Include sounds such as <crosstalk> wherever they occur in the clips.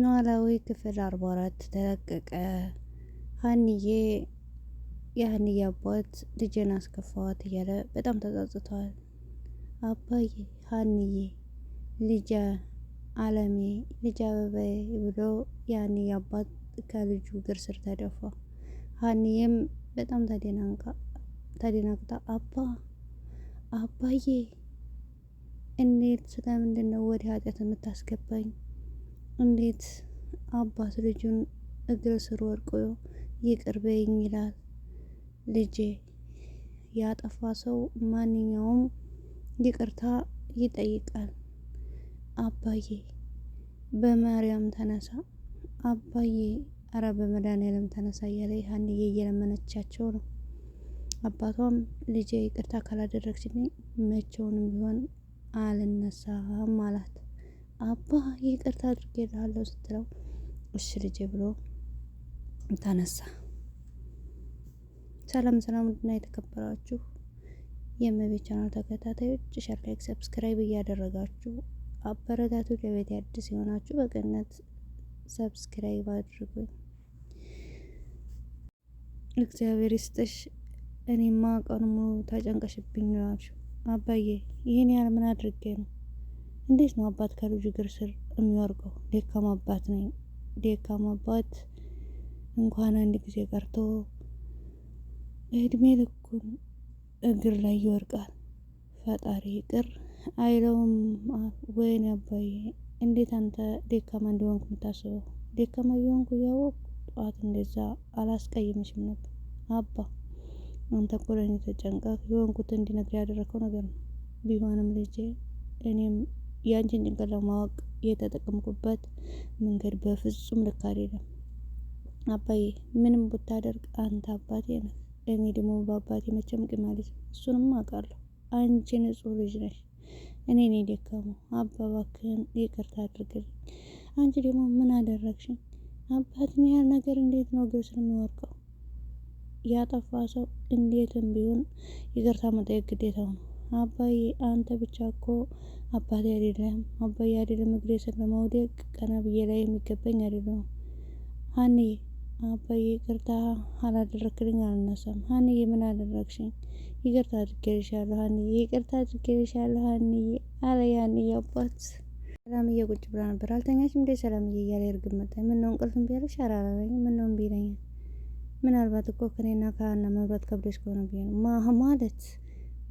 ኖላዊ ክፍል አርባ አራት ተለቀቀ። ሀንዬ የሀንዬ አባት ልጄን አስከፋዋት እያለ በጣም ተጸጽቷል። አባዬ ሀንዬ ልጄ አለሜ ልጄ አበባዬ ብሎ የሀንዬ አባት ከልጁ እግር ስር ተደፋ። ሀንዬም በጣም ተደናግጣ አባ አባዬ እኔ ስለምንድን ነው ወደ ኃጢአት የምታስገባኝ እንዴት አባት ልጁን እግር ስር ወድቆ ይቅር በይኝ ይላል? ልጄ ያጠፋ ሰው ማንኛውም ይቅርታ ይጠይቃል። አባዬ በማርያም ተነሳ፣ አባዬ አረ በመድኃኒዓለም ተነሳ እያለ ሀንዬ እየለመነቻቸው ነው። አባቷም ልጄ ይቅርታ ካላደረግችልኝ መቼውንም ቢሆን አልነሳም አላት። አባ ይቅርታ አድርጌልሃለሁ ስትለው እሺ ልጄ ብሎ ተነሳ። ሰላም ሰላም፣ ውድና የተከበራችሁ የመቤት ቻናል ተከታታዮች ሸር፣ ላይክ፣ ሰብስክራይብ እያደረጋችሁ አበረታቱ። ለቤት አዲስ የሆናችሁ በቅንነት ሰብስክራይብ አድርጉ። እግዚአብሔር ይስጥሽ። እኔማ ቀኑን ሙሉ ተጨንቀሽብኝ ነው አባዬ። ይህን ያህል ምን አድርጌ ነው እንዴት ነው አባት ከልጁ እግር ስር የሚወርቀው? ደካማ አባት ነኝ። ደካማ አባት እንኳን አንድ ጊዜ ቀርቶ እድሜ ልኩን እግር ላይ ይወርቃል። ፈጣሪ ይቅር አይለውም። ወይኔ አባዬ እንዴት አንተ ደካማ እንዲሆንኩ የምታስበው? ደካማ እየሆንኩ እያወቅ ጠዋት እንደዛ አላስቀይምሽም ነበር። አባ አንተ እኮ ለእኔ ተጨንቀህ የሆንኩት እንዲነግር ያደረግከው ነገር ነው። ቢሆንም ልጄ እኔም የአንችን ጭንቀት ለማወቅ የተጠቀምኩበት መንገድ በፍጹም ልክ አይደለም። አባዬ ምንም ብታደርግ አንተ አባቴ ነህ። እኔ ደግሞ በአባቴ መቼም ቅን እሱንም አውቃለሁ። አንቺ ንጹህ ልጅ ነሽ። እኔ ኔ ደከመው አባባክህን ይቅርታ አድርግልኝ። አንቺ ደግሞ ምን አደረግሽኝ? አባትን ያህል ነገር እንዴት ነው ግብስ የሚወርቀው? ያጠፋ ሰው እንዴትም ቢሆን ይቅርታ መጠየቅ ግዴታው ነው። አባዬ አንተ ብቻ እኮ አባቴ አይደለም አባዬ አይደለም እግሬ ስር ለመውደቅ ቀና ብዬ ላይ የሚገባኝ አይደለም። ሀኔ አባዬ ይቅርታ አላደረክልኝ አልነሳም። ሀኔ የምን አደረግሽኝ? ይቅርታ አድርጌልሻለሁ ሀኔ፣ ይቅርታ አድርጌልሻለሁ ሀኔዬ አለ ያኔ አባት ሰላምዬ ቁጭ ብላ ነበር። አልተኛችም እንዴ ሰላምዬ እያለ እርግብ መጣ። ምነው እንቅልፍ እምቢ አለሽ? ኧረ አላለኝም። ምነው እምቢ ይለኛል? ምናልባት እኮ ከኔና ከሀና መብራት ከብዶሽ ከሆነ ብዬ ነው ማለት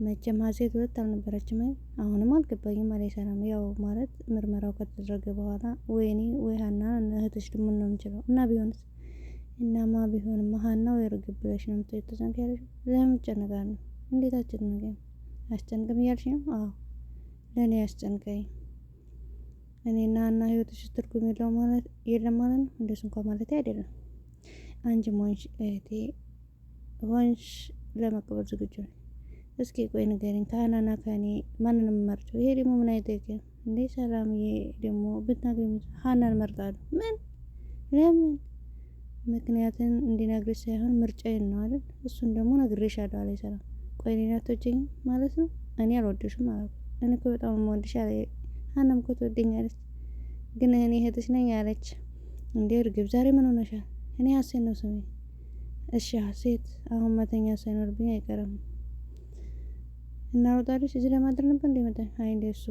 መቼም ሀሴት ሁለት አልነበረችም። አሁንም አልገባኝም አለ ሰላም። ያው ማለት ምርመራው ከተደረገ በኋላ ወይኔ ወይ ሀና እህትሽ ልሙን ነው የምችለው እና ቢሆንስ እናማ ቢሆን ሀና ወይ ርግብ ብለሽ ነው ምትሄድ ተዘንክ ያለሽ ለምን ጨነቃለሁ? እንዴት አስጨንቀኝ አስጨንቅም እያልሽ ነው? አዎ ለእኔ ያስጨንቀኝ እኔና ሀና ህይወትሽ ትርጉም የለው ማለት የለም ማለት ነው። እንደሱ እንኳ ማለት አይደለም። አንቺም ሞንሽ እህቴ ሆንሽ ለመቀበል ዝግጁ ነው እስኪ ቆይ ንገሪኝ፣ ከሀናና ከኔ ማንንም መርጩ። ይሄ ደግሞ ምን አይጠቅም እንዴ? ሰላምዬ ደግሞ ብትነግሪኝ ሀናን መርጣሉ ምን? ለምን? ምክንያትን እንዲነግርሽ ሳይሆን ምርጫዬን ነው አይደል? እሱን ደግሞ ነግሬሻለሁ አለ ሰላም። ቆይ እኔን አትወጂኝም ማለት ነው? እኔ አልወደሽም ማለት እኔ እኮ በጣም የምወድሽ አለ። ሀናም እኮ ትወደኛለች፣ ግን እኔ እህትሽ ነኝ አለች። እንዴ እርግብ ዛሬ ምን ሆነሻል? እኔ ሀሴት ነው ስሜ። እሺ ሀሴት፣ አሁን መተኛ ሳይኖርብኝ አይቀርም እናሮጣለች እዚህ ለማድረግ ነበር እንደ መጣ አይ እንደሱ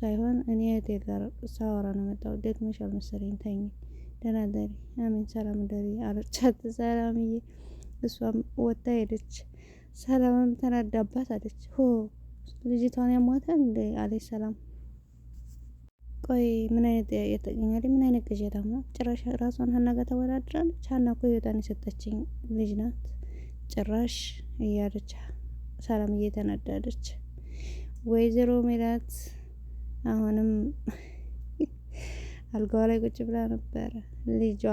ሳይሆን እኔ እህቴ ጋር ሳወራ ነው መጣው። ደክሞሻል መሰለኝ ተኝ፣ ደህና ደሪ፣ አሜን፣ ሰላም ደሪ አለቻት። ሰላምዬ እሷም ወታ ሄደች። ሰላምም ተናዳባት አለች። ሆ ልጅቷን ያሟታል እንደ አለች ሰላም። ቆይ ምን አይነት የተገኛል? ምን አይነት ቅዠታም ነው? ጭራሽ ራሷን ሀና ጋር ተወዳድራለች። ሀና እኮ ህይወቷን የሰጠችኝ ልጅ ናት ጭራሽ እያለች ሰላም እየተነዳደች ወይዘሮ ሜላት አሁንም አልጋዋ ላይ ቁጭ ብላ ነበረ። ልጇ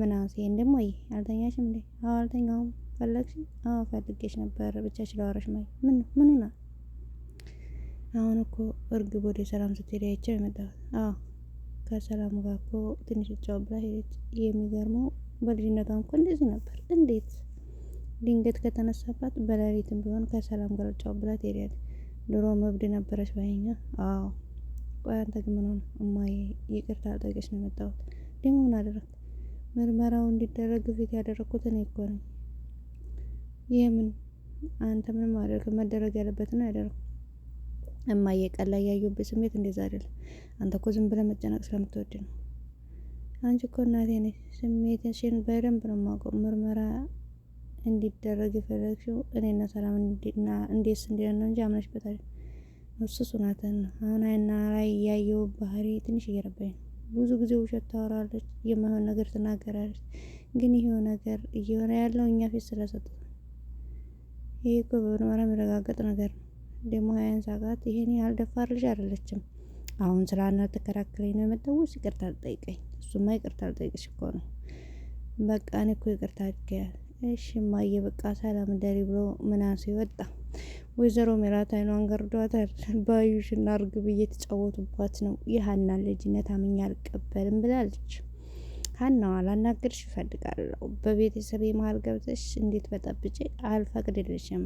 ምናሴ እንደም ወይ አልተኛሽም እንዴ? አዎ አልተኛውም። ፈለግሽ? አዎ ፈልጌሽ ነበር። ብቻ ላወራሽ ነው። ምን ምን ሆና? አሁን እኮ እርግብ ወደ ሰላም ስትሄድ አይቼው የመጣሁት። አዎ ከሰላም ጋር እኮ ትንሽ ብቻ ብላ ሄደች። የሚገርመው በልጅነቷ እኮ እንደዚህ ነበር። እንዴት ድንገት ከተነሳባት በሌሊትም ቢሆን ከሰላም ጋር ጫው ብላ ትሄዳለች። ድሮ መብድ ነበረች ባይኛ። አዎ ቆይ አንተ ግን ምን ሆነ? እማዬ ይቅርታ ነው የመጣሁት። ደግሞ ምን አደረግ ምርመራው እንዲደረግ ፊት ያደረግኩት እኔ እኮ ነኝ። ይህ ምን አንተ ምንም አደረግ መደረግ ያለበት ነው ያደረግ እማዬ ቀን ላይ ያዩበት ስሜት እንደዛ አይደለም። አንተ እኮ ዝም ብለህ መጨነቅ ስለምትወድ ነው። አንቺ እኮ እናቴ ነሽ። ስሜትሽን በደንብ ነው የማውቀው ምርመራ እንዲደረግ የፈለግሽው እኔና ሰላም እንዴስ እንዲለን ነው እንጂ አምነሽበታል። እሱ ሱናትን ነው። አሁን አይና ላይ ያየው ባህሪ ትንሽ እየረበኝ ነው። ብዙ ጊዜ ውሸት ታወራለች፣ የማይሆን ነገር ትናገራለች። ግን ይሄው ነገር እየሆነ ያለው እኛ ፊት ስለሰጡት ይሄ እኮ በምርመራ የሚረጋገጥ ነገር ነው። ደግሞ ሀያን ሳቃት ይሄን ያህል ደፋር ልጅ አይደለችም። አሁን ስለ አና ተከራከረኝ ነው የመጣው ውስጥ ይቅርታ አልጠይቀኝ። እሱማ ይቅርታ አልጠይቅሽ እኮ ነው። በቃ እኔ እኮ ይቅርታ አድርጊያለሁ እሺ እማዬ በቃ ሰላም ደሪ ብሎ ምናሴ ወጣ። ወይዘሮ ሜላት አይኗን ገርዷታል። ባዩሽና እርግብ እየተጫወቱባት ነው። የሀናን ልጅነት አምኜ አልቀበልም ብላለች። ሀናዋ ላናግርሽ እፈልጋለሁ። በቤተሰብ መሀል ገብተሽ እንዴት በጠብጬ አልፈቅድልሽም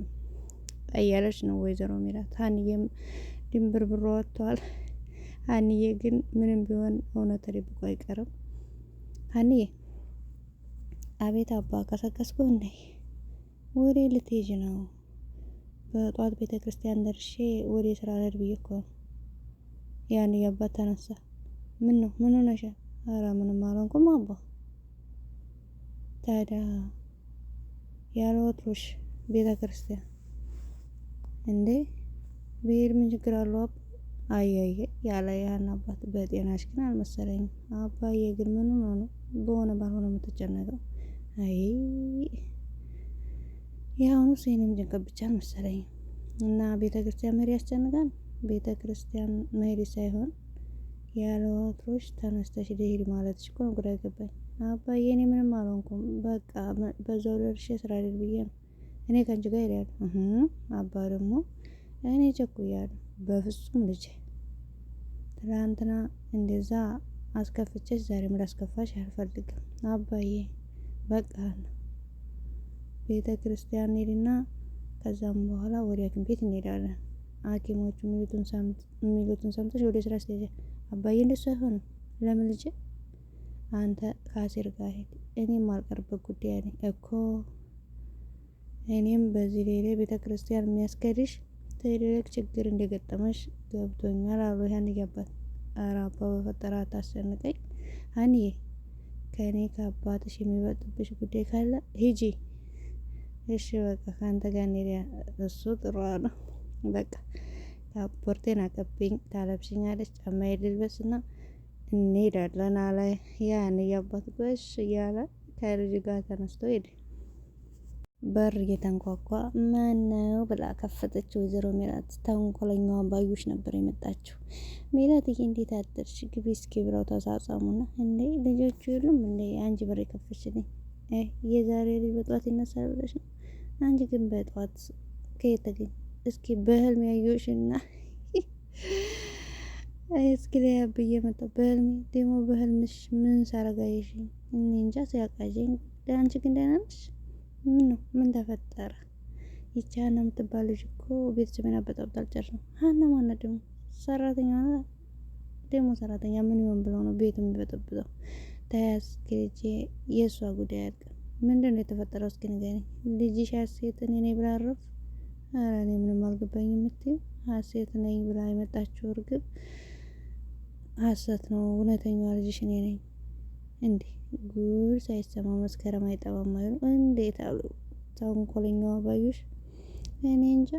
እያለች ነው ወይዘሮ ሜላት። ሀንዬም ብሮ ወጥተዋል። ሀንዬ ግን ምንም ቢሆን እውነት ርብቆ አይቀርም። ሀንዬ አቤት አባ ቀሰቀስኩ እንዴ? ወዴ ልትሄጂ ነው? በጧት ቤተ ክርስቲያን ደርሼ ወደ ስራ ልሄድ ብዬ እኮ ነው። ያን አባት ተነሳ። ምን ነው ምን ሆነሻል? ኧረ ምንም አልሆንኩም አባ። ታዲያ ያልወጡሽ ቤተ ክርስቲያን እንዴ? ብሄድ ምን ችግር አለው አባ? አያየ ያለ ያን አባት በጤናሽ ግን አልመሰለኝም። አባዬ ግን ምን ሆኖ ነው በሆነ ባልሆነ የምትጨነቀው? አይ የአሁኑ ይህንም ጭንቀት ብቻ መሰለኝ እና ቤተ ክርስቲያን መሪ ያስጨንቃል። ቤተ ክርስቲያን መሪ ሳይሆን ያለ ወትሮች ተነስተሽ ልሂድ ማለትሽ እኮ ግራ ገባኝ። አባዬ እኔ ምንም አልሆንኩም፣ በቃ በዛው ደርሼ ስራ ልል ብዬ ነው እኔ ከአንቺ ጋር ሄዳለሁ። አባ ደግሞ እኔ ቸኩያለሁ። በፍጹም ልጄ፣ ትላንትና እንደዛ አስከፍቼሽ ዛሬም ላስከፋሽ አልፈልግም አባዬ በቃን ቤተ ክርስቲያን ሄድና ከዛም በኋላ ወደ ሐኪም ቤት እንሄዳለን። ሐኪሞቹ የሚሉትን ሰምተሽ ወደ ስራ ስትሄጂ አባዬ እንደሱ አይሆንም። ለምን ልጅ አንተ ከአሴር ጋር ሄድ፣ እኔም አልቀርበት ጉዳይ ነኝ እኮ እኔም በዚህ ሌለ ቤተ ክርስቲያን የሚያስከድሽ ትልቅ ችግር እንደገጠመሽ ገብቶኛል አሉ ያን እያባት አራባ አባ በፈጠረ አንዬ ከእኔ ከአባትሽ የሚበልጥብሽ ጉዳይ ካለ ሂጂ። እሺ በቃ ከአንተ ጋር እሱ ጥሩ ነው። በቃ ፓስፖርቴን አቀብኝ ታለብሽኛለች፣ ጫማ ልልበስ እና እንሄዳለን አለ። ያን እያባት ጎሽ እያለ ከልጅ ጋር ተነስቶ ሄደ። በር እየተንኳኳ ማነው ብላ ከፈተች። ወይዘሮ ሜላት ተንኮለኛዋ ባዩሽ ነበር የመጣችው። ሜላትዬ እንዴት አደርሽ? ግቢ እስኪ ብለው ተሳጸሙና እንዴ ልጆቹ የሉም እንዴ አንቺ በር የከፈችልኝ? የዛሬ ልጅ በጠዋት ይነሳል ብለሽ ነው? አንቺ ግን በጠዋት ከየት ተገኝ? እስኪ በህልም ያየሽና <laughs> እስኪ ላይ ብዬ መጣ። በህልም ደግሞ በህልምሽ ምን ሳረጋየሽ? እኔ እንጃ ሲያቃዥኝ። አንቺ ግን ደህና ነሽ? ምን ነው ምን ተፈጠረ? ይቺ ሀና የምትባል ልጅ እኮ ቤተሰብን አበጣብጣ አልጨርስ ነው። ሀና ማናት ደግሞ? ሰራተኛ ናት። ደግሞ ሰራተኛ ምን ይሆን ብለው ነው ቤት የሚበጠብጠው? ተያዝ ከጄ የእሷ ጉዳይ ያልቅ። ምንድን ነው የተፈጠረው? እስኪ ንገሪኝ። ልጅሽ ሀሴት እኔ ነኝ ብላ አረፍ። ኧረ እኔ ምንም አልገባኝ የምትይው ሀሴት ነኝ ብላ የመጣችው እርግብ ሀሰት ነው። እውነተኛዋ ልጅሽ እኔ ነኝ እንዴ ጉድ ሳይሰማ መስከረም አይጠባም አይሉ እንዴት አሉ ተንኮለኛዋ ባዩሽ። እኔ እንጃ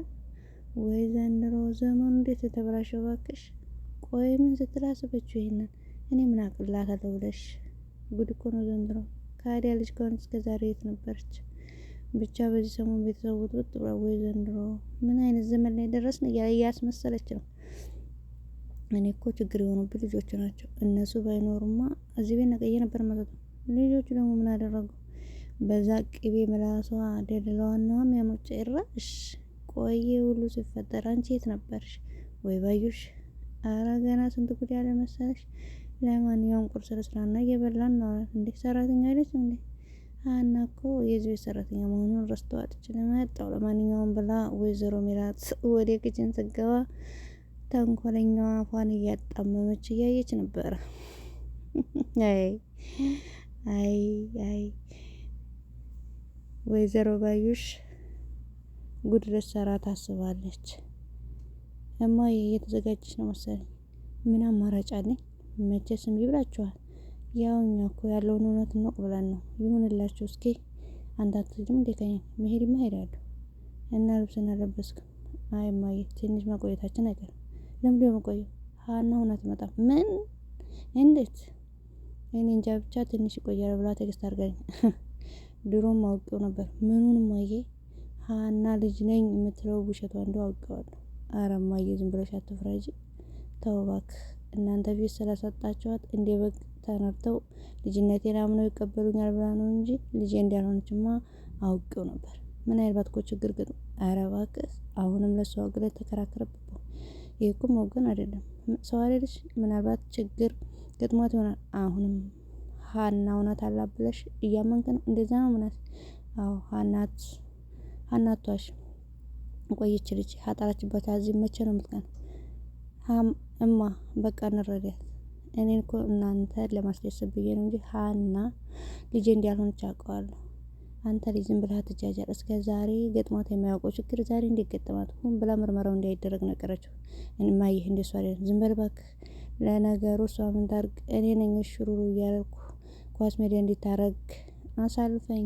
ወይ ዘንድሮ ዘመኑ እንዴት ተበላሸ ባክሽ። ቆይ ምን ስትላስበችው ይሄንን እኔ ምን አቅላታለሁ ብለሽ ጉድ እኮ ነው ዘንድሮ። ካዲያ ልጅ ከሆነች ዛሬ የት ነበረች? ብቻ በዚህ ሰሞን ቤተሰብ ውጥብጥ ብሏል። ወይ ዘንድሮ ምን አይነት ዘመን ላይ ደረስን እያለ እያስመሰለች ነው እኔ እኮ ችግር የሆኑብኝ ልጆች ናቸው። እነሱ ባይኖሩማ እዚህ ቤት ነቀየ ነበር ማለት ነው። ልጆቹ ደግሞ ምን አደረጉ? በዛ ቅቤ ምላሷ ደልለዋናዋ የሚያምር ጭራሽ። ቆየ ሁሉ ሲፈጠር አንቺ የት ነበርሽ? ወይ ባዩሽ፣ አረ ገና ስንት ጉድ ያለ መሰለሽ። ለማንኛውም ቁርስ ልስራና እየበላን ነው። እንዴ ሰራተኛ አይደች እንዴ? ሀና እኮ የዚህ ቤት ሰራተኛ መሆኑን ረስተዋጥች ለመጣው ለማንኛውም ብላ ወይዘሮ ሚላት ወደ ክችን ስገባ ተንኮለኛዋ አፏን እያጣመመች እያየች ነበረ። አይ አይ አይ ወይዘሮ ባዩሽ ጉድ ልትሰራ ታስባለች። እማዬ እየተዘጋጀች ነው መሰለኝ። ምን አማራጭ አለኝ? መቼስ እምቢ ብላችኋል። ያው እኛ እኮ ያለውን እውነት እንወቅ ብለን ነው። ይሁንላችሁ። እስኪ አንዳትድም እንደገና መሄድ መሄድ አለሁ እና ልብስን አለበስክም። አይ እማዬ ትንሽ መቆየታችን አይቀርም። ለምዶ የምቆየው ሀና ሆና መጣ ምን እንዴት እኔ እንጃ ብቻ ትንሽ ይቆያል ብላ ትዕግስት አድርገኝ <laughs> ድሮም አውቄው ነበር። ምኑን ማየ ሀና ልጅ ነኝ የምትለው ውሸቷ ወንዶ አውቀዋል አረ ማየ ዝም ብለሽ አትፍረጂ፣ ተው እባክህ። እናንተ ቤት ስለሰጣችኋት እንደ በግ ተነርተው ልጅነቴን አምነው ይቀበሉኛል ብላ ነው እንጂ ልጄ እንዳልሆነችማ አውቄው ነበር። ምን አይልባት እኮ ችግር ግን አረ እባክህ አሁንም ለሷ ግለት ተከራከረብኩ። የህጉም ወገን አይደለም ሰው አይደለሽ። ምናልባት ችግር ገጥሟት ይሆናል። አሁንም ሀና እውነት አላት ብለሽ እያመንክ ነው? እንደዛ ነው ምናት? አዎ ሀናት ሀናቷሽ ቆየች ልጅ ካጣላችበት እዚህ መቼ ነው የምትቀን? እማ በቃ እንረዳት። እኔን እኮ እናንተ ለማስደሰት ብዬ ነው እንጂ ሀና ልጄ እንዲያልሆነች አውቀዋለሁ። አንተ ልጅ ዝም ብለህ አትጃጃል። እስከ ዛሬ ገጥሟት የማያውቀው ችግር ዛሬ እንዴት ገጠማት? ሁን ብላ ምርመራው እንዳይደረግ ነገረችው። እማየህ እንደሷ አይደለም። ዝም በል እባክህ። ለነገሩ እሷ ምን ታርግ? እኔ ነኝ ሽሩሩ እያለኩ ኳስ ሜዳ እንዲታረግ አሳልፈኝ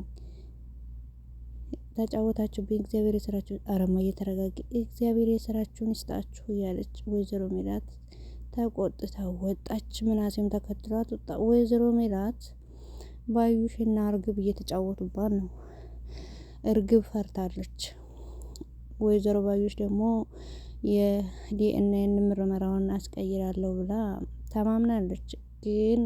ተጫወታችሁብኝ። እግዚአብሔር የስራችሁ አረማ እየተረጋጊ እግዚአብሔር የስራችሁን ይስጣችሁ እያለች ወይዘሮ ሜላት ተቆጥታ ወጣች። ምናሴም ተከትሏት ወጣ። ወይዘሮ ሜላት ባዩሽና እርግብ እየተጫወቱባት ነው። እርግብ ፈርታለች። ወይዘሮ ባዩሽ ደግሞ የዲኤንኤን ምርመራውን አስቀይራለሁ ብላ ተማምናለች። ግን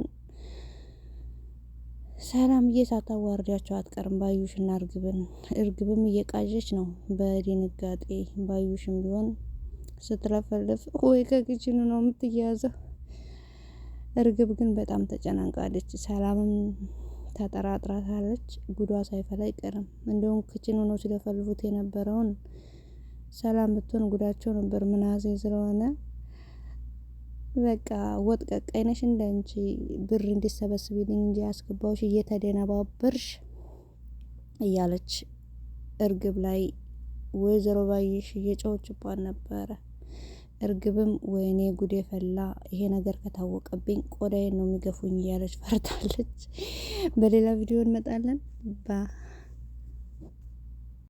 ሰላምዬ ሳታዋርዳቸው አትቀርም ባዩሽ ባዩሽና እርግብን። እርግብም እየቃዠች ነው በድንጋጤ ባዩሽም ቢሆን ስትለፈልፍ ወይ ከግጅኑ ነው የምትያዘው። እርግብ ግን በጣም ተጨናንቃለች። ሰላምም ተጠራጥራታለች። ጉዷ ሳይፈላ አይቀርም። እንደውም ክችን ሆነው ሲለፈልፉት የነበረውን ሰላም ብትሆን ጉዳቸው ነበር። ምናሴ ስለሆነ በቃ ወጥ ቀቃይነሽ ነሽ እንደ አንቺ ብር እንዲሰበስብልኝ እንጂ ያስገባውሽ እየተደነባበርሽ እያለች እርግብ ላይ ወይዘሮ ባይሽ እየጮኸችባት ነበረ። እርግብም ወይኔ ጉዴ ፈላ፣ ይሄ ነገር ከታወቀብኝ ቆዳዬን ነው የሚገፉኝ እያለች ፈርታለች። በሌላ ቪዲዮ እንመጣለን ባ